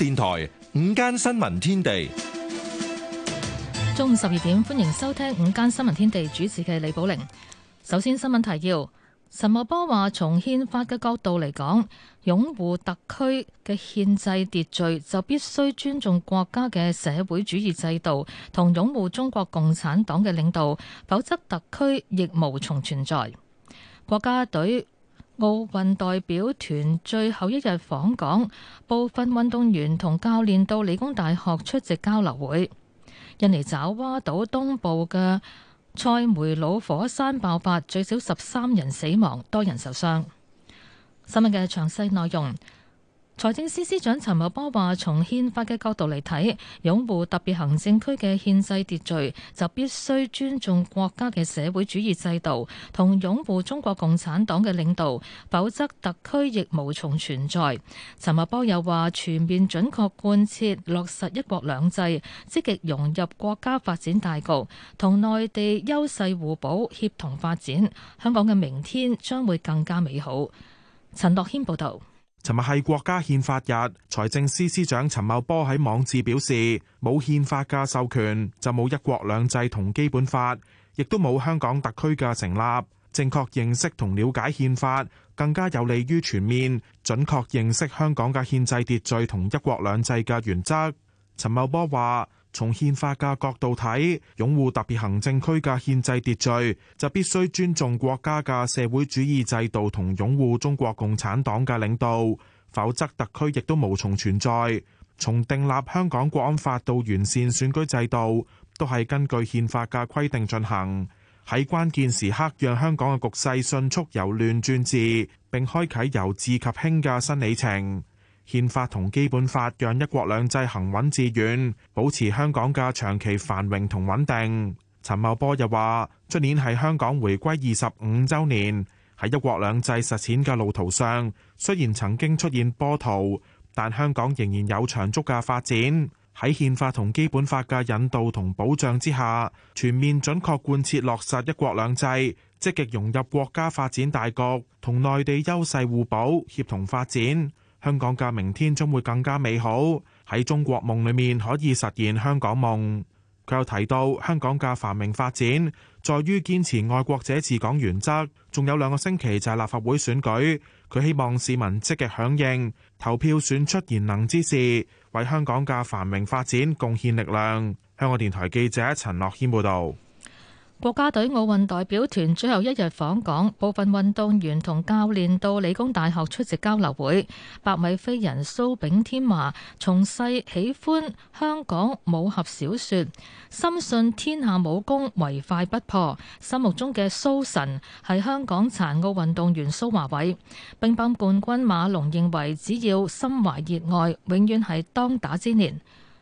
電台午間新聞天地，中午十二點，歡迎收聽午間新聞天地，主持嘅李寶玲。首先新聞提要，陳茂波話，從憲法嘅角度嚟講，擁護特區嘅憲制秩序，就必須尊重國家嘅社會主義制度，同擁護中國共產黨嘅領導，否則特區亦無從存在。國家隊。奧運代表團最後一日訪港，部分運動員同教練到理工大學出席交流會。印尼爪哇島東部嘅塞梅魯火山爆發，最少十三人死亡，多人受傷。新聞嘅詳細內容。財政司司長陳茂波話：從憲法嘅角度嚟睇，擁護特別行政區嘅憲制秩序，就必須尊重國家嘅社會主義制度同擁護中國共產黨嘅領導，否則特區亦無從存在。陳茂波又話：全面準確貫徹落實一國兩制，積極融入國家發展大局，同內地優勢互補協同發展，香港嘅明天將會更加美好。陳樂軒報導。尋日係國家憲法日，財政司司長陳茂波喺網誌表示：冇憲法嘅授權，就冇一國兩制同基本法，亦都冇香港特區嘅成立。正確認識同了解憲法，更加有利於全面準確認識香港嘅憲制秩序同一國兩制嘅原則。陳茂波話。從憲法嘅角度睇，擁護特別行政區嘅憲制秩序，就必須尊重國家嘅社會主義制度同擁護中國共產黨嘅領導，否則特區亦都無從存在。從訂立香港國安法到完善選舉制度，都係根據憲法嘅規定進行。喺關鍵時刻，讓香港嘅局勢迅速由亂轉治，並開啟由治及興嘅新里程。憲法同基本法，讓一國兩制行穩致遠，保持香港嘅長期繁榮同穩定。陳茂波又話，出年係香港回歸二十五週年，喺一國兩制實踐嘅路途上，雖然曾經出現波濤，但香港仍然有長足嘅發展。喺憲法同基本法嘅引導同保障之下，全面準確貫徹落實一國兩制，積極融入國家發展大局，同內地優勢互補，協同發展。香港嘅明天將會更加美好，喺中國夢裏面可以實現香港夢。佢又提到香港嘅繁榮發展，在於堅持愛國者治港原則，仲有兩個星期就係立法會選舉，佢希望市民積極響應投票，選出賢能之士，為香港嘅繁榮發展貢獻力量。香港電台記者陳樂謙報道。國家隊奧運代表團最後一日訪港，部分運動員同教練到理工大學出席交流會。百米飛人蘇炳添話，從細喜歡香港武俠小說，深信天下武功唯快不破。心目中嘅蘇神係香港殘奧運動員蘇華偉。乒乓冠軍馬龍認為，只要心懷熱愛，永遠係當打之年。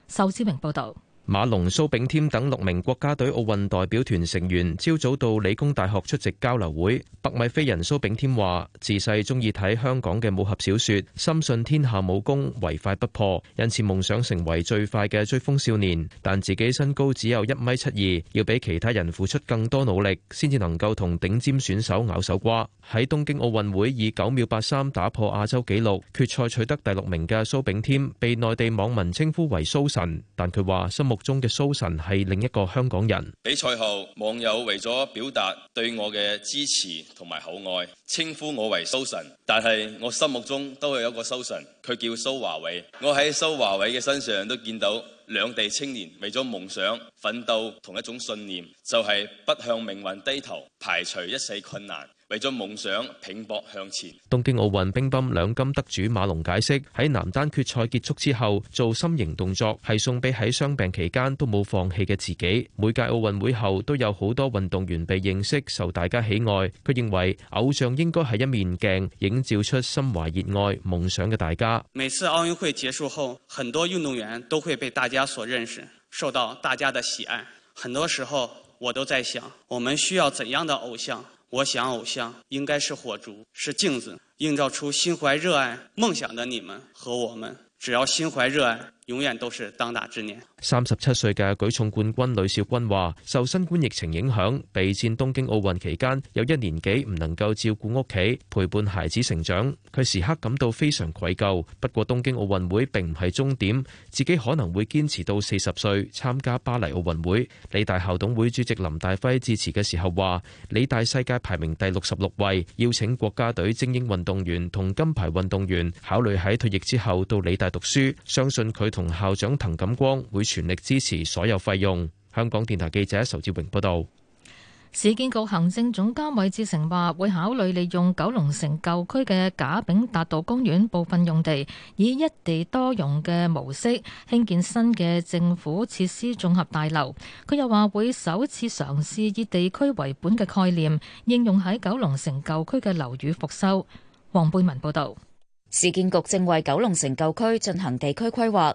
仇志明報導。馬龍、蘇炳添等六名國家隊奧運代表團成員朝早到理工大學出席交流會。百米飛人蘇炳添話，自細中意睇香港嘅武俠小說，深信天下武功唯快不破，因此夢想成為最快嘅追風少年。但自己身高只有一米七二，要比其他人付出更多努力，先至能夠同頂尖選手咬手瓜。喺東京奧運會以九秒八三打破亞洲紀錄，決賽取得第六名嘅蘇炳添被內地網民稱呼為「蘇神」，但佢話心目。中嘅蘇神係另一個香港人。比賽後，網友為咗表達對我嘅支持同埋厚愛，稱呼我為蘇神。但係我心目中都係有一個蘇神，佢叫蘇華偉。我喺蘇華偉嘅身上都見到兩地青年為咗夢想奮鬥同一種信念，就係、是、不向命運低頭，排除一切困難。為咗夢想拼搏向前。東京奧運乒乓兩金得主馬龍解釋：喺男單決賽結束之後做心形動作，係送俾喺傷病期間都冇放棄嘅自己。每屆奧運會後都有好多運動員被認識，受大家喜愛。佢認為偶像應該係一面鏡，映照出心懷熱愛、夢想嘅大家。每次奧運會結束後，很多運動員都會被大家所認識，受到大家的喜愛。很多時候，我都在想，我們需要怎樣的偶像？我想，偶像應該是火燭，是鏡子，映照出心懷熱愛、夢想的你們和我們。只要心懷熱愛。永遠都是當打之年。三十七歲嘅舉重冠軍呂小軍話，受新冠疫情影響，備戰東京奧運期間有一年幾唔能夠照顧屋企、陪伴孩子成長，佢時刻感到非常愧疚。不過東京奧運會並唔係終點，自己可能會堅持到四十歲參加巴黎奧運會。理大校董會主席林大輝致辭嘅時候話，理大世界排名第六十六位，邀請國家隊精英運動員同金牌運動員考慮喺退役之後到理大讀書，相信佢。同校長滕錦光會全力支持所有費用。香港電台記者仇志榮報道。市建局行政總監韋志成話，會考慮利用九龍城舊區嘅賈炳達道公園部分用地，以一地多用嘅模式興建新嘅政府設施綜合大樓。佢又話會首次嘗試以地區為本嘅概念應用喺九龍城舊區嘅樓宇復修。黃貝文報道。市建局正為九龍城舊區進行地區規劃。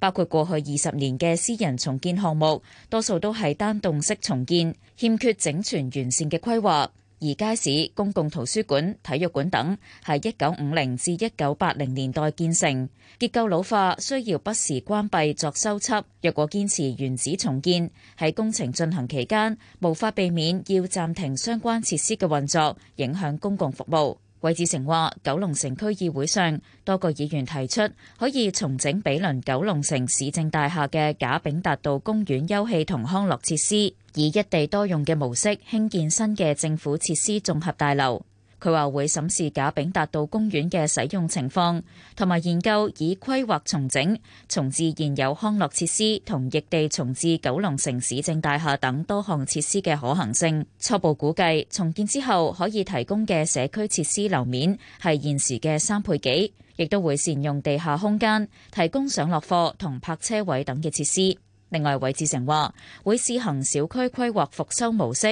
包括過去二十年嘅私人重建項目，多數都係單棟式重建，欠缺整全完善嘅規劃。而街市、公共圖書館、體育館等係一九五零至一九八零年代建成，結構老化，需要不時關閉作修葺。若果堅持原址重建，喺工程進行期間，無法避免要暫停相關設施嘅運作，影響公共服務。韋志成話：九龍城區議會上，多個議員提出可以重整比鄰九龍城市政大廈嘅賈炳達道公園休憩同康樂設施，以一地多用嘅模式興建新嘅政府設施綜合大樓。佢話會審視賈炳達道公園嘅使用情況，同埋研究以規劃重整、重置現有康樂設施同易地重置九龍城市政大廈等多項設施嘅可行性。初步估計，重建之後可以提供嘅社區設施樓面係現時嘅三倍幾，亦都會善用地下空間，提供上落貨同泊車位等嘅設施。另外，韋志成話會試行小區規劃復修模式，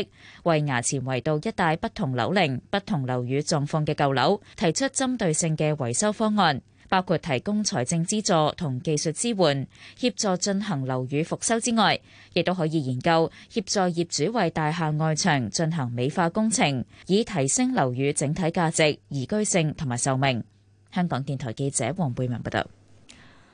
為衙前圍道一帶不同樓齡、不同樓宇狀況嘅舊樓提出針對性嘅維修方案，包括提供財政資助同技術支援，協助進行樓宇復修之外，亦都可以研究協助業主為大廈外牆進行美化工程，以提升樓宇整體價值、宜居性同埋壽命。香港電台記者黃貝文報道。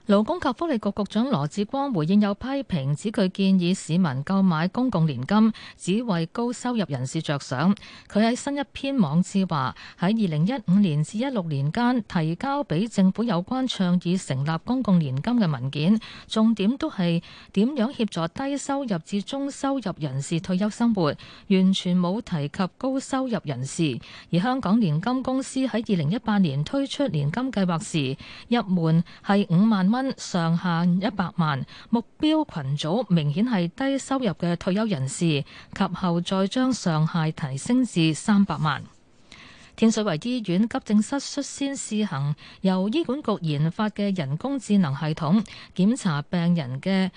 勞工及福利局局長羅志光回應有批評，指佢建議市民購買公共年金，只為高收入人士着想。佢喺新一篇網誌話，喺二零一五年至一六年間提交俾政府有關倡議成立公共年金嘅文件，重點都係點樣協助低收入至中收入人士退休生活，完全冇提及高收入人士。而香港年金公司喺二零一八年推出年金計劃時，入門係五萬。蚊上限一百萬，目標群組明顯係低收入嘅退休人士，及後再將上限提升至三百萬。天水圍醫院急症室率先試行由醫管局研發嘅人工智能系統，檢查病人嘅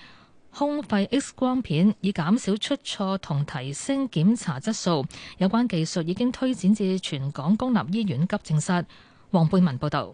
胸肺 X 光片，以減少出錯同提升檢查質素。有關技術已經推展至全港公立醫院急症室。黃貝文報道。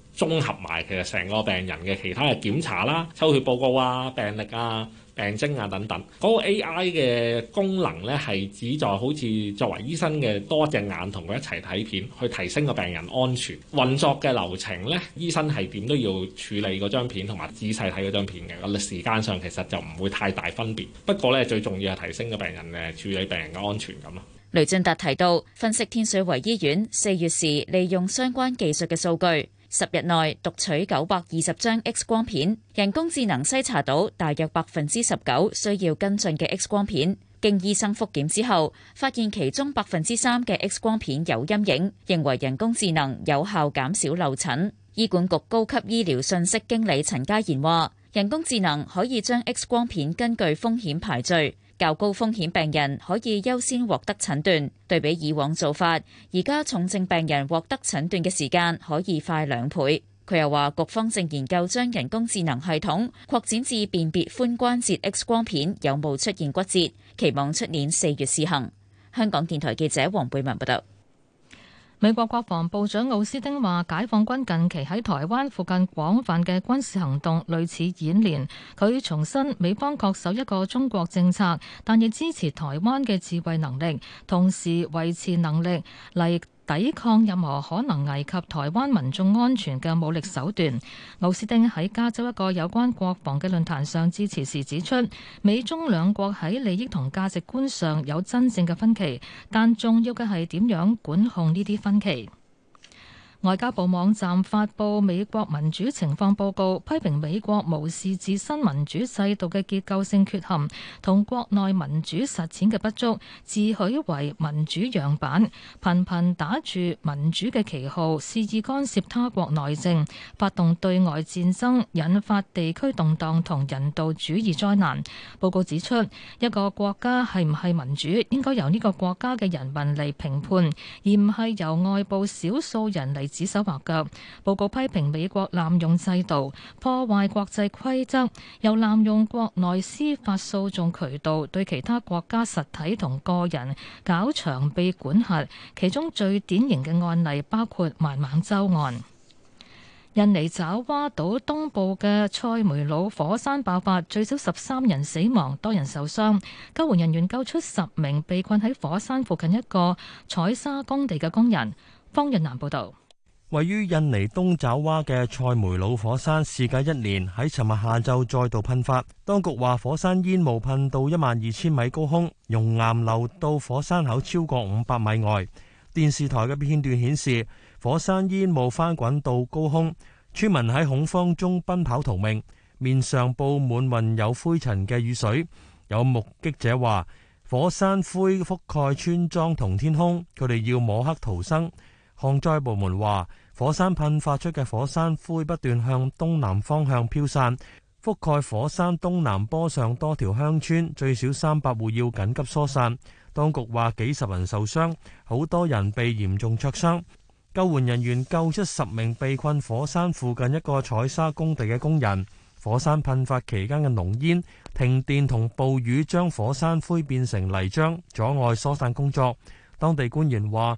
綜合埋其實成個病人嘅其他嘅檢查啦、抽血報告啊、病歷啊、病徵啊，病徵啊等等嗰個 AI 嘅功能咧，係指在好似作為醫生嘅多隻眼同佢一齊睇片，去提升個病人安全。運作嘅流程咧。醫生係點都要處理嗰張片同埋仔細睇嗰張片嘅。我哋時間上其實就唔會太大分別。不過咧，最重要係提升個病人嘅處理病人嘅安全咁咯。雷俊達提到，分析天水圍醫院四月時利用相關技術嘅數據。十日內讀取九百二十張 X 光片，人工智能篩查到大約百分之十九需要跟進嘅 X 光片，經醫生復檢之後，發現其中百分之三嘅 X 光片有陰影，認為人工智能有效減少漏診。醫管局高級醫療信息經理陳家賢話：人工智能可以將 X 光片根據風險排序。較高風險病人可以優先獲得診斷。對比以往做法，而家重症病人獲得診斷嘅時間可以快兩倍。佢又話，局方正研究將人工智能系統擴展至辨別髖關節 X 光片有冇出現骨折，期望出年四月試行。香港電台記者黃貝文報道。美國國防部長奧斯汀話：解放軍近期喺台灣附近廣泛嘅軍事行動類似演練。佢重申美方恪守一個中國政策，但亦支持台灣嘅自衛能力，同時維持能力抵抗任何可能危及台灣民眾安全嘅武力手段。奧斯汀喺加州一個有關國防嘅論壇上致辭時指出，美中兩國喺利益同價值觀上有真正嘅分歧，但重要嘅係點樣管控呢啲分歧。外交部網站發布美國民主情況報告，批評美國無視自身民主制度嘅結構性缺陷同國內民主實踐嘅不足，自詡為民主樣板，頻頻打住民主嘅旗號，肆意干涉他國內政，發動對外戰爭，引發地區動蕩同人道主義災難。報告指出，一個國家係唔係民主，應該由呢個國家嘅人民嚟評判，而唔係由外部少數人嚟指手畫腳，報告批評美國濫用制度，破壞國際規則，又濫用國內司法訴訟渠道，對其他國家實體同個人搞長臂管轄。其中最典型嘅案例包括孟晚舟案。印尼爪哇島東部嘅塞梅魯火山爆發，最少十三人死亡，多人受傷。救援人員救出十名被困喺火山附近一個採砂工地嘅工人。方潤南報導。位於印尼東爪哇嘅塞梅魯火山，事隔一年喺尋日下晝再度噴發。當局話火山煙霧噴到一萬二千米高空，熔岩流到火山口超過五百米外。電視台嘅片段顯示，火山煙霧翻滾到高空，村民喺恐慌中奔跑逃命，面上布滿混有灰塵嘅雨水。有目擊者話，火山灰覆蓋村莊同天空，佢哋要摸黑逃生。抗災部門話，火山噴發出嘅火山灰不斷向東南方向飄散，覆蓋火山東南坡上多條鄉村，最少三百戶要緊急疏散。當局話幾十人受傷，好多人被嚴重灼傷。救援人員救出十名被困火山附近一個採砂工地嘅工人。火山噴發期間嘅濃煙、停電同暴雨將火山灰變成泥漿，阻礙疏散工作。當地官員話：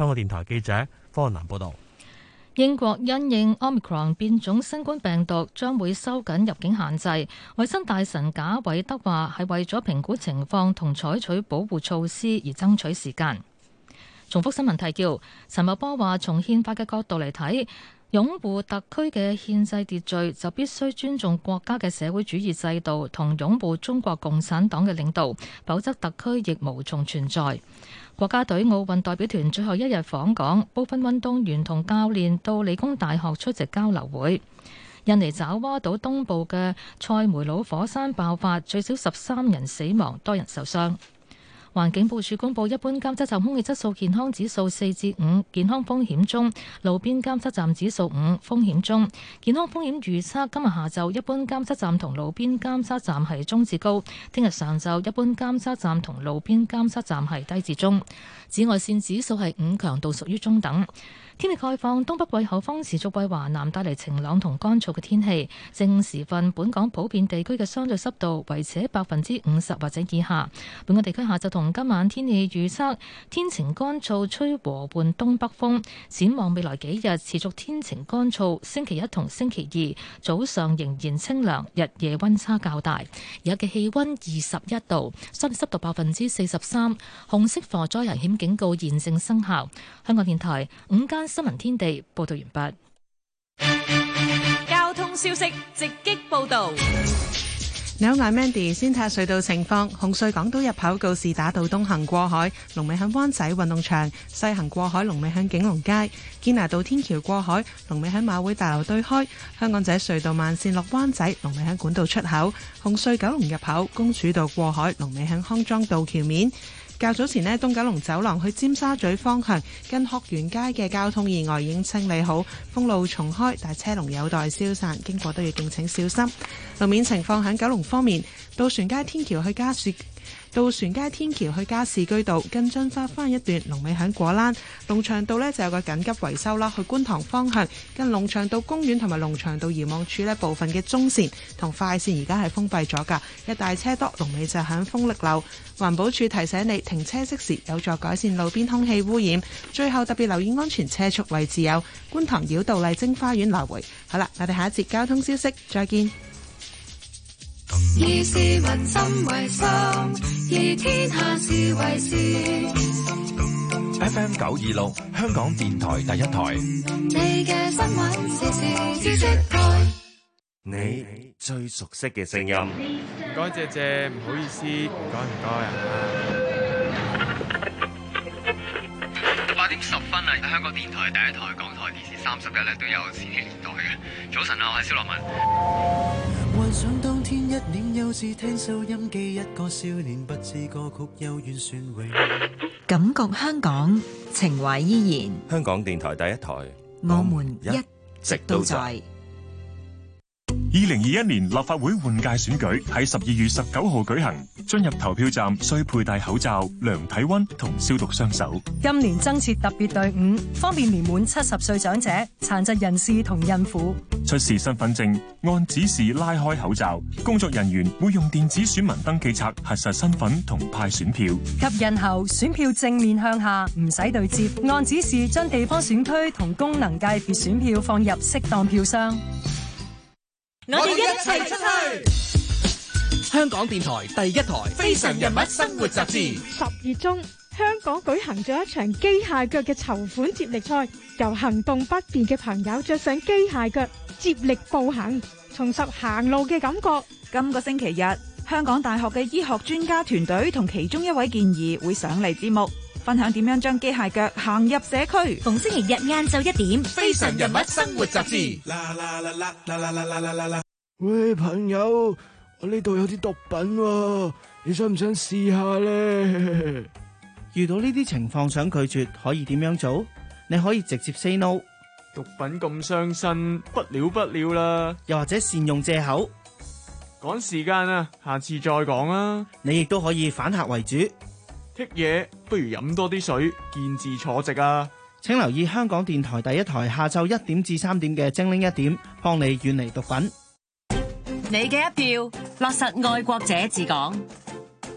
香港電台記者方南報道，英國因應 Omicron 變種新冠病毒，將會收緊入境限制。衛生大臣賈偉德話：係為咗評估情況同採取保護措施而爭取時間。重複新聞提要：陳茂波話，從憲法嘅角度嚟睇，擁護特區嘅憲制秩序就必須尊重國家嘅社會主義制度同擁護中國共產黨嘅領導，否則特區亦無從存在。國家隊奧運代表團最後一日訪港，部分運動員同教練到理工大學出席交流會。印尼爪哇島東部嘅塞梅魯火山爆發，最少十三人死亡，多人受傷。環境部署公布，一般監測站空氣質素健康指數四至五，健康風險中；路邊監測站指數五，風險中。健康風險預測今日下晝一般監測站同路邊監測站係中至高，聽日上晝一般監測站同路邊監測站係低至中。紫外線指數係五，強度屬於中等。天氣概況，東北季候風持續為華南帶嚟晴朗同乾燥嘅天氣。正時分，本港普遍地區嘅相對濕度維持喺百分之五十或者以下。本港地區下晝同今晚天氣預測：天晴乾燥，吹和緩東北風。展望未來幾日，持續天晴乾燥。星期一同星期二早上仍然清涼，日夜温差較大。而家嘅氣溫二十一度，相對濕度百分之四十三。紅色火災危險警告現正生效。香港電台午間新聞天地報道完畢。交通消息直擊報道。你好，Mandy，先睇下隧道情況。紅隧港島入口，告士打道東行過海，龍尾喺灣仔運動場；西行過海，龍尾喺景隆街。堅拿道天橋過海，龍尾喺馬會大樓對開。香港仔隧道慢線落灣仔，龍尾喺管道出口。紅隧九龍入口，公主道過海，龍尾喺康莊道橋面。較早前呢，東九龍走廊去尖沙咀方向跟鶴園街嘅交通意外已經清理好，封路重開，但係車龍有待消散，經過都要敬請小心。路面情況喺九龍方面。渡船街天橋去嘉士渡船街天橋去嘉士居道，近進花翻一段龍尾響，果欄龍翔道呢就有個緊急維修啦。去觀塘方向，近龍翔道公園同埋龍翔道遙望處呢部分嘅中線同快線而家係封閉咗噶。一大車多龍尾就響風力流。環保署提醒你停車熄匙，有助改善路邊空氣污染。最後特別留意安全車速位置，有觀塘繞道麗晶花園來回。好啦，我哋下一節交通消息，再見。以市民心為心，以天下事為 FM 九二六，香港電台第一台。你嘅新聞是接你最熟悉嘅聲音，唔該謝謝，唔好意思，唔該唔該。八 點十分啦，香港電台第一台，港台電視三十一咧都有的《千禧年代》嘅早晨啊，我係蕭樂文。.感覺香港情懷依然，香港電台第一台，我們一，我們一直都在。二零二一年立法會換屆選舉喺十二月十九號舉行，進入投票站需佩戴口罩、量體溫同消毒雙手。今年增設特別隊伍，方便年滿七十歲長者、殘疾人士同孕婦。出示身份證，按指示拉開口罩，工作人員會用電子選民登記冊核實身份同派選票。及印後選票正面向下，唔使對接，按指示將地方選區同功能界別選票放入適當票箱。我哋一齊出去。香港電台第一台《非常人物生活雜誌》。十二中香港舉行咗一場機械腳嘅籌款接力賽，由行動不便嘅朋友着上機械腳接力步行，重拾行路嘅感覺。今個星期日，香港大學嘅醫學專家團隊同其中一位建議會上嚟節目。分享點樣將機械腳行入社區？逢星期日晏晝一點，非常人物生活雜誌。啦啦啦啦啦啦，喂，朋友，我呢度有啲毒品，你想唔想試下咧？遇到呢啲情況想拒絕可以點樣做？你可以直接 say no，毒品咁傷身，不了不了啦。又或者善用借口，趕時間啊，下次再講啦。你亦都可以反客為主。嘢不如飲多啲水，見字坐直啊！請留意香港電台第一台下晝一點至三點嘅《精靈一點》，幫你遠離毒品。你嘅一票落實愛國者治港，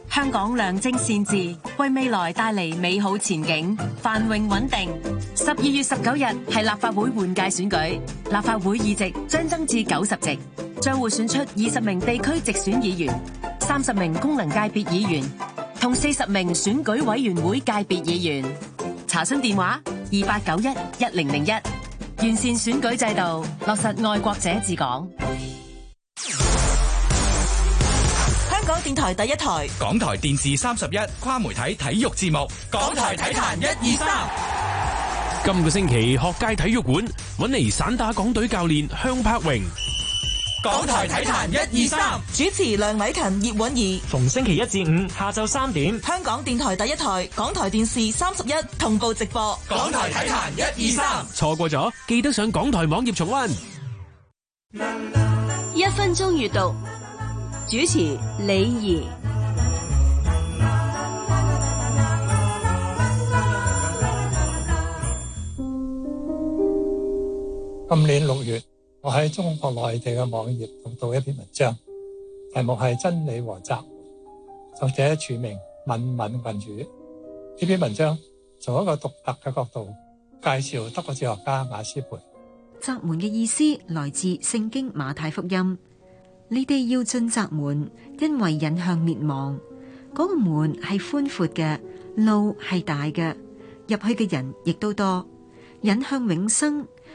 香港良政善治為未來帶嚟美好前景，繁榮穩定。十二月十九日係立法會換屆選舉，立法會議席將增至九十席，將會選出二十名地區直選議員，三十名功能界別議員。同四十名選舉委員會界別議員查詢電話：二八九一一零零一，完善選舉制度，落實愛國者治港。香港電台第一台，港台電視三十一，跨媒體體育節目，港台體壇一二三。今個星期，學界體育館揾嚟散打港隊教練香柏榮。港台體壇一二三，主持梁偉勤、葉韻儀，逢星期一至五下晝三點，香港電台第一台、港台電視三十一同步直播。港台體壇一二三，錯過咗記得上港台網頁重温。一分鐘閱讀，主持李儀。今年六月。我喺中國內地嘅網頁讀到一篇文章，題目係《真理和窄門》，作者署名敏敏郡主。呢篇文章從一個獨特嘅角度介紹德國哲學家雅斯培。窄門嘅意思來自聖經馬太福音：你哋要進窄門，因為引向滅亡，嗰個門係寬闊嘅，路係大嘅，入去嘅人亦都多，引向永生。